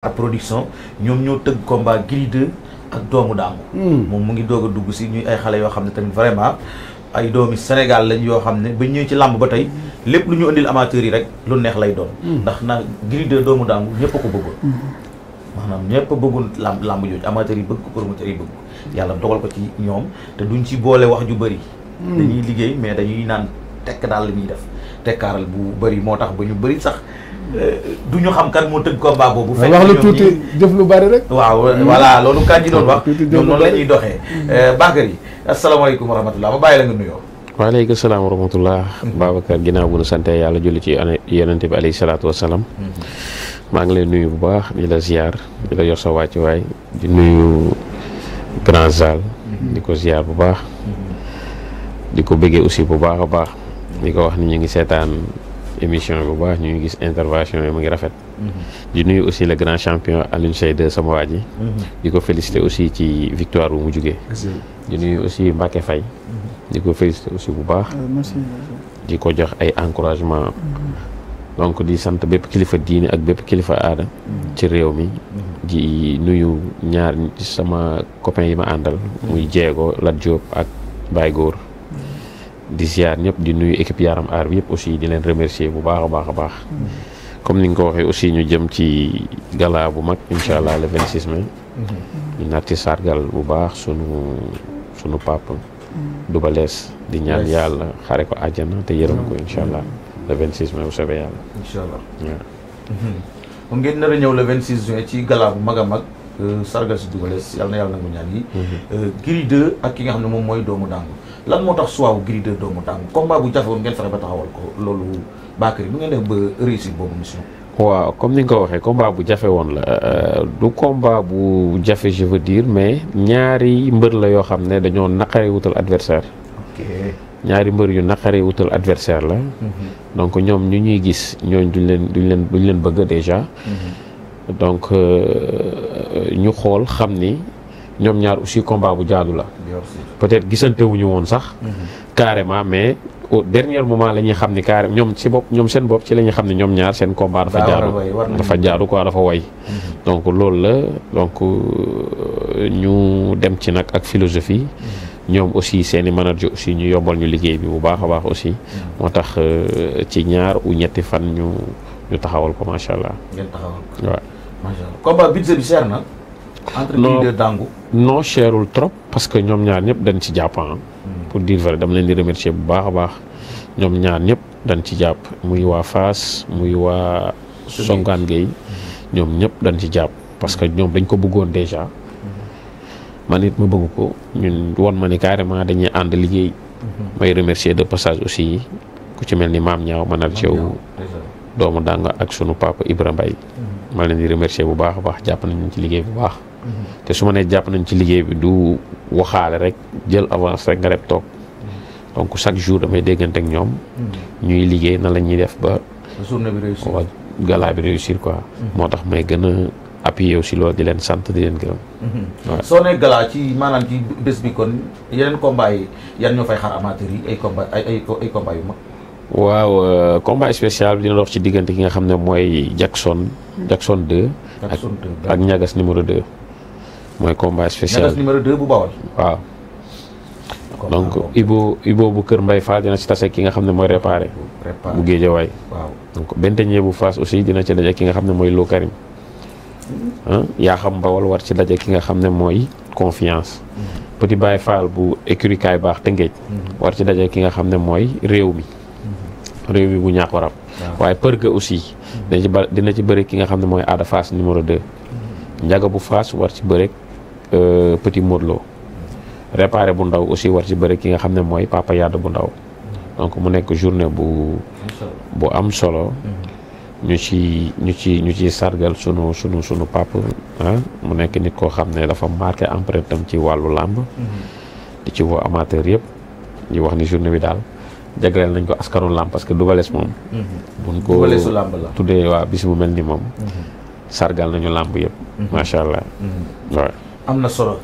ak production ñoom ñoo tëgg combat Gris 2 ak doomu daangu hmm. moom mu ngi doog a dugg si ñuy ay xale yoo xam ne tamit vraiment ay doomi Sénégal lañ yoo xam ne ba ñëw ci làmb ba tey lépp lu ñu indil amateurs yi rek lu neex lay doon hmm. ndax na grider doomu daangu ñëpp a ko bëggoon hmm. maanaam ñëpp bëggoon làmb làmb jooju amateurs yi bëgg ko promoteurs yi bëgg yàlla dogal ko ci ñoom te duñ ci boole wax ju bëri dañuy liggéey mais dañuy naan tekk daal la ñuy def tekkaaral bu bëri moo tax ba ñu bëri sax euh, du ñu xam kan moo tëgg combat boobu. fekk wax lu tuuti jëf lu bari rek. waaw voilà loolu kan doon wax. ñoom noonu la ñuy doxee. Euh, Bakary asalaamaaleykum wa rahmatulah ma bàyyi la nga nuyoo. waaleykum salaam wa rahmatulah. Babacar ginnaaw bu nu sant yàlla julli ci yonente bi alayhi salaatu wa salaam. Mm-hmm. maa ngi lay nuyu bu baax di la ziar di yor sa wàccuwaay di nuyu Grand mm-hmm. di ko ziar bu baax. Mm-hmm. di ko bëggee aussi bu baax a baax. di ko wax ni ñu ngi seetaan émission bu baax ñu ngi gis intervention yi mu ngi rafet mhm. di nuyu aussi le grand champion Alioune Seye 2 sama waji ji mhm. di féliciter aussi ci victoire bu mu jugee di nuyu aussi Mbacké Faye mhm. di ko féliciter aussi bu baax eh, di jox ay eh, encouragement donc di sante bépp kilifa diine ak bépp kilifa aada ci réew mi di nuyu ñaar sama copain yi ma àndal muy jeego Lat Diop ak Baye di ziar ñëpp di nuyu équipe yaram aar bi yëpp aussi di leen remercier bu baax a baax comme ni ko aussi ñu jëm ci gala bu mag allah le 26 mai mm-hmm. ñu natti sargal bu baax sunu sunu papa mm-hmm. dubales Less di ñaan yàlla xare ko àjjana te ko allah mm-hmm. le 26 mai bu soobee yàlla incha allah waaw ngeen nar a le 26 juin ci gala bu mag euh, sargal si Double Less yàlla na yàlla nangu ñaan yi euh, Gris 2 ak ki nga doomu lan moo tax suwaawu Gris doomu tàng combat bu jafewoon ngeen fexe ba taxawal ko loolu Bakary bu ngeen def ba réussir boobu mission. waaw comme ni nga ko waxee combat bu jafe woon la euh, du combat bu jafe je diir mais ñaari mbër la yoo xam ne dañoo naqaree wutal adversaire ñaari mbër yu naqaree wutal adversaire la mhm. donc ñoom ñu ñuy gis ñooñ duñ leen duñ leen duñ leen bëgg déjà mhm. donc euh, ñu xool xam ni ñoom ñaar aussi combat bu jaadu la. peut-être gisante wuñu woon sax. carrément mais au dernier moment la ñuy xam ni carrément ñoom si bopp ñoom seen bopp ci la ñuy xam ne ñoom ñaar seen combat. dafa jaadu dafa jaadu quoi dafa woy mhm. donc loolu la donc euh, ñu dem ci nag ak philosophie. Mhm. ñoom aussi seeni i manager aussi ñu yombal ñu liggéey bi bu baax a baax aussi. Mhm. moo tax euh, ci ñaar u ñetti fan ñu ñu taxawal ko macha allah. ngeen taxawal ko waaw. macha na. entre non de Dangu non cherul trop parce que ñoom ñaar ñëpp dañ ci jàpp ah. hmm. pour dire vrai dama leen di remercier bu baax a baax ñoom ñaar ñëpp dañ ci jàpp muy waa Fass muy waa Songaan Gueye hmm. ñoom ñëpp dañ ci jàpp parce que ñoom dañ ko bëggoon déjà hmm. man it ma bëgg ko ñun won ma ni carrément dañuy ànd liggéey may remercier de passage aussi ku ci mel ni ñaaw manar cew doomu danga ak sunu papa Ibra Mbaye ma leen di remercier bu baax a baax jàpp nañu ci liggéey bu baax. Mm-hmm. te su ma nee jàpp nañ ci liggéey bi du waxaale rek jël avance rek nga dem toog mm-hmm. donc chaque jour damay déggante ak ñoom. Mm-hmm. ñuy liggéey na la ñuy def ba. journée bi réussir waaw gala bi réussir quoi. moo tax may gën a appuyer aussi loolu di leen sant di leen gërëm. soo nee gala ci maanaam ci bés bi kon yeneen combat yi yan ñoo fay xaar amateur yi ay combat ay ay ay yu mag. waaw euh, combat spécial bi dina dox ci diggante ki nga Jackson. Jackson 2. Jackson 2 ak ñagas numéro 2. mooy combat spécial ñagas numéro 2 bu bawal. waaw. donc Ibo Ibo bu Kër Mbay Fall dina ci tase ki nga xam ne réparé. bu Géejawaay. waaw donc Benteñe bu Faas aussi dina ci daje ki nga Lo Karim. xam bawal war ci daje ki nga xam ne confiance. Mm-hmm. Petit Fall bu écurie Kaay baax Tëngéej. Mm-hmm. war ci daje ki nga réew mi réew ya. hmm. mi hmm. eh, hmm. eh, bu ñàkk waram waaye për ga aussi dina ci ba dina ci bëri ki nga xam ne mooy aada numéro 2 njaga bu Fass war ci bëri petit Modlo réparé bu ndaw aussi war ci bëri ki nga xam ne papa yadd bu ndaw donc mu nekk journée bu bu am solo ñu ci ñu ci ñu ci sargal sunu sunu sunu papa ah mu nekk nit koo xam ne dafa marqué empreinte ci di ci woo amateur di wax ni journée bi jagleel nañ ko askanu lamb parce que Doubalès moom. Mhm. buñ ko Doubalesu lamb la tuddee waa bis bu mel ni mhm. sargal nañu lamb yëpp. allah. Mhm. waaw am masya solo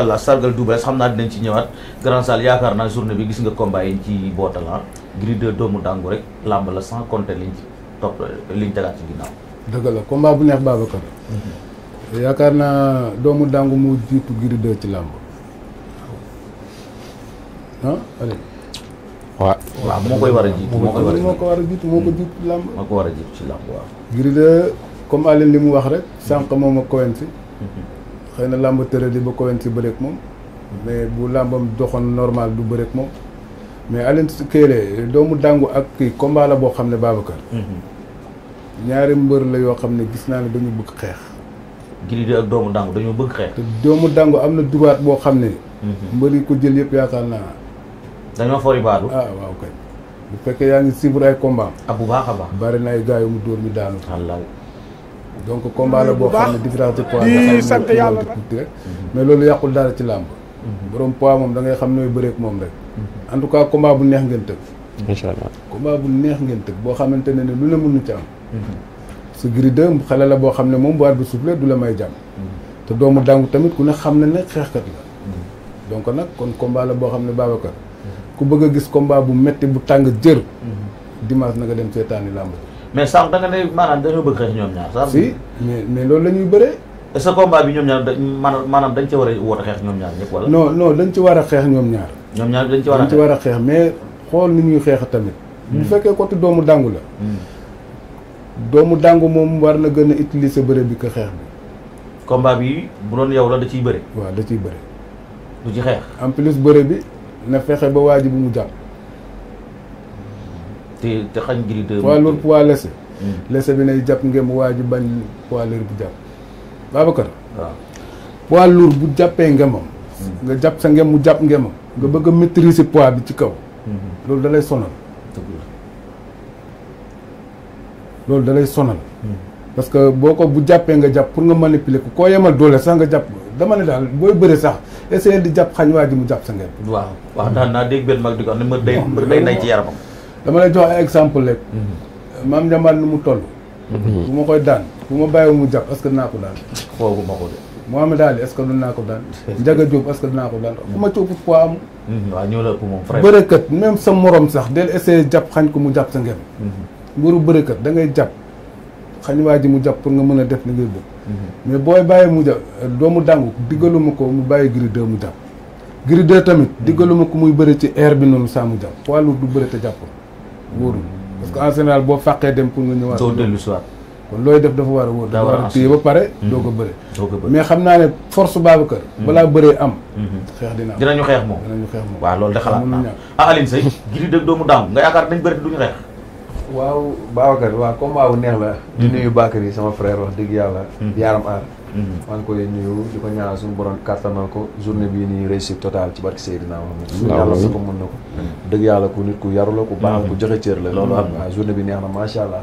allah sargal Doubalès xam naa dinañ ci ñëwaat grand sal yaakaar naa journée bi gis nga combat yi ci bootal ah. Gris 2 doomu dàngu rek lamb la sans compter liñ ci topp liñ tegaat ci ginnaaw. dëgg la combat bu ya, neex ci lamb waaw waaw moo koy war a jiitu moo koy war a moo ko war a jiitu moo ko jiitu ci làmb moo war a jiitu ci làmb waaw Gris 2 comme Alioune li mu wax rek sànq moom ak Coen si mhm. xëy na làmb tëral yi ba Coen si bëreek moom mais bu làmbam doxoon normal du bëreek moom mais si Kelle doomu dàngu ak kii combat boo xam ne Babacar mhm. ñaari mbër la yoo xam ne gis naa ne dañu bëgg xeex Gris ak doomu dàngu dañu bëgg xeex te doomu dàngu am na dugaat boo xam ne mhm. mbër yi ko jël yëpp yaakaar naa dañoo fori baatu. ah waaw bu fekkee yaa ngi suivre ay combat ah bu baax a baax. bari na ay gars mu dóor mi daanu. wallaay donc combat la ah, boo xam ne différence de poids di sant yàlla rek mais loolu yàqul dara ci làmb. Mhm. borom poids moom da ngay xam nooy bëreek moom rek. Mhm. en tout cas combat bu neex ngeen tëgg. incha allah combat bu neex ngeen tëgg boo xamante ne ne lu ne mënu ci am. su mhm. Gris 2 la boo xam ne moom bu waat bi soufflé du la may jàmm. te doomu dàngu tamit ku ne xam na ne xeexkat la. donc nag kon combat la boo xam ne Babacar. ku bëgg a gis combat bu metti bu tàng jër mhm. dimanche na nga dem seetaani làmb mais sànq da nga ne maanaam dañoo bëgg xeex ñoom ñaar sax si mais mais loolu la ñuy bëree est ce que combat bi ñoom ñaar maanaam dañ ci war a woote xeex ñoom ñaar ñëpp wala non non dañ ci war a xeex ñoom ñaar ñoom ñaar dañ ci war a dañ a xeex mais xool ni ñuy xeex tamit mhm. bu fekkee côté doomu dàngu la mhm. doomu dàngu moom war na gën a utiliser bëre bi ko xeex bi combat bi bu doon yow la da ciy bëre waa da ciy bëre du ci xeex en plus bëre bi na fexe ba waa bi mu jàpp. te te xañ Gris 2. poids lourd poids léger. Mm. léger bi nay jàpp ngeen waa ji bañ poids bu jàpp. Babacar. waaw poids lourd bu jàppee ngemam. Mm. nga jàpp sa ngem mu jàpp ngemam. nga bëgg a maîtriser poids bi ci kaw. Mm-hmm. loolu dalay lay sonal. loolu da sonal. Mm. parce que boo ko bu jàppee nga jàpp pour nga manipuler ko koo yemal doole sax nga jàpp dama ne daal booy bëre sax essayer di jàpp xañ waa ji mu jàpp sa ngeen waaw waaw daan naa dégg benn mag di ko wax ne ma day mbër day nay ci yaramam dama lay jox ay exemple rek mhm. maam njambaar nu mu toll mhm. bu ma koy daan bu ma bàyyi mu jàpp est-ce que dinaa ko daan xoogu ma ko de Mohamed Ali est-ce que dinaa ko daan Ndiaga Diop est-ce que dinaa ko daan fu ma ci ëpp am waaw ñoo la ëpp moom frère bërëkat même sa morom sax del essayer jàpp xañ ko mu jàpp sa ngeen mhm. mburu bërëkat da ngay jàpp xañ waa ji mu jàpp pour nga mën a def li ngay bëgg. mais booy bàyyi mu jàpp doomu dàngu diggaluma ko mu bàyyi Gris 2 mu jàpp. Gris 2 tamit mhm. diggaluma ko muy bëri ci air bi noonu saa mu jàpp poids lourd du bëri te jàpp wóorul mhm. parce que en général boo fàqee dem pour nga ñëwaat. doo dellu si waat kon looy dafa war a wóor. daa war a téye ba pare mhm. doo ko bëri. mais xam naa ne force Babacar. balaa bëree am. xeex dina am dinañu xeex moom dinañu xeex moom. waaw loolu de xalaat naa ah Alioune Seye Gris 2 doomu dàngu nga yaakaar nañ bëri duñu xeex waaw Babacar waaw combat bu neex la. di mhm. nuyu Bakary sama frère wax dëgg yàlla. Mhm. yaaram aar. Mhm. maa ngi koy nuyu di ko ñaanal suñu borom kàttanal ko journée bii nii réussite totale ci barke Seydina Mohamed. waaw ko mën na ko. dëgg yàlla ku nit ku yaru la ku baax ku joxe cër la. loolu journée bi neex na macha allah.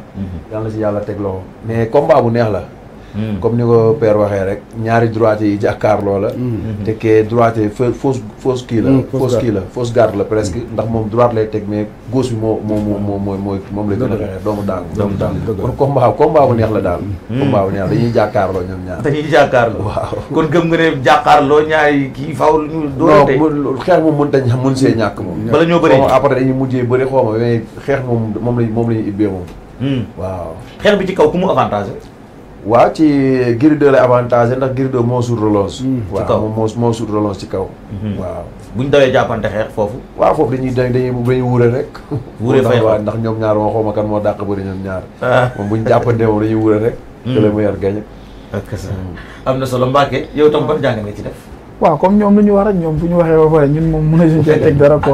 yàlla na si yàlla teg loxo mais combat bu neex la. Hmm. comme ni ko père waxee rek ñaari droite yi jàkkaarloo la. Hmm. Hmm. te kee droite yi fausse fausse kii la. fausse kii la fausse garde la presque ndax moom droite lay teg mais gauche bi moo moom la gën a xeexee doomu daangu. doomu daangu kon combat combat bu neex la daal. combat bu neex dañuy jàkkaarloo ñoom ñaar. dañuy jàkkaarloo waaw. kon gëm nga ne jàkkaarloo ñaari kii faaw ñu. doonante non xeex moom mënut a mën see ñàkk moom. bala ñoo bëri après dañuy mujjee bëri xaw ma mais moom la ñuy ibbee moom. waaw xeex bi ci kaw ku mu avantage waaw ci Gris 2 la avantage ndax Gris moo suut hmm. relance. ci kaw hmm. waaw moom moo suut relance ci kaw. waaw bu ñu dawee jàppante xeex foofu. waaw foofu dañuy dañuy dañuy wuure rek. wuure fay waaw ndax ñoom ñaar moo xawma moo dàq bëri ah. moom bu ñu jàppante moom dañuy wuure rek. te la mu yar gañ. ak sa na solo Mbacke yow tam ah. ban jàng nga ci comme ñoom lu ñu war ñoom bu ñu waxee ba pare ñun moom mënuñu cee teg dara ko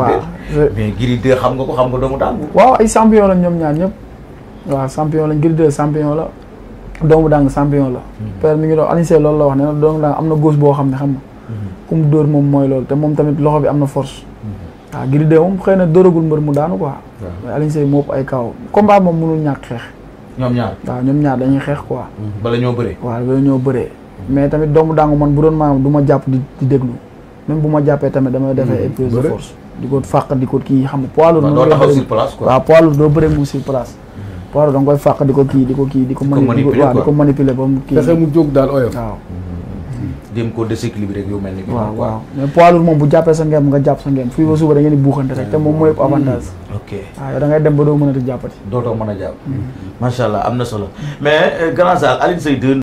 xam nga doomu daal. waaw ay champion la ñoom ñaar ñëpp. waaw champion la Gris 2 la doomu daang champion la. Mhm. père mi ngi doon Alioune loolu la wax ne doomu daang am na gauche boo xam ne xam na. Mhm. ku mu dóor moom mooy loolu te moom tamit loxo bi am na force. waaw mhm. ah, Gris 2 moom xëy na dóoragul mbër mu daanu quoi. waaw mais Alioune Seye moo ay kaw combat moom mënul ñàkk xeex. ñoom ñaar waaw ñaar dañuy xeex quoi. bala ñoo bëree. waaw bala ñoo bëree. mais tamit doomu daangu man bu doon maanaam du ma jàpp di déglu même bu ma jàppee tamit damay defee ay prise de di ko fàq di ko kii xam nga poids lourd. waaw doo taxaw sur place quoi waaw poids doo bëree mu sur poivre da nga koy fàq di ko kii di ko kii di ko. manipuler ba mu kii. fexe mu jóg daal oyof. waaw. dem hmm. moom bu jàppee sa ngem nga jàpp sa ngem fii ba suba da ngeen di buuxante rek te moom mooy ëpp avantage. Hmm. ok waaw ah, da ngay dem ba doo mën a jàpp. Hmm. macha allah am na solo mais euh, grand Sall Alioune Seye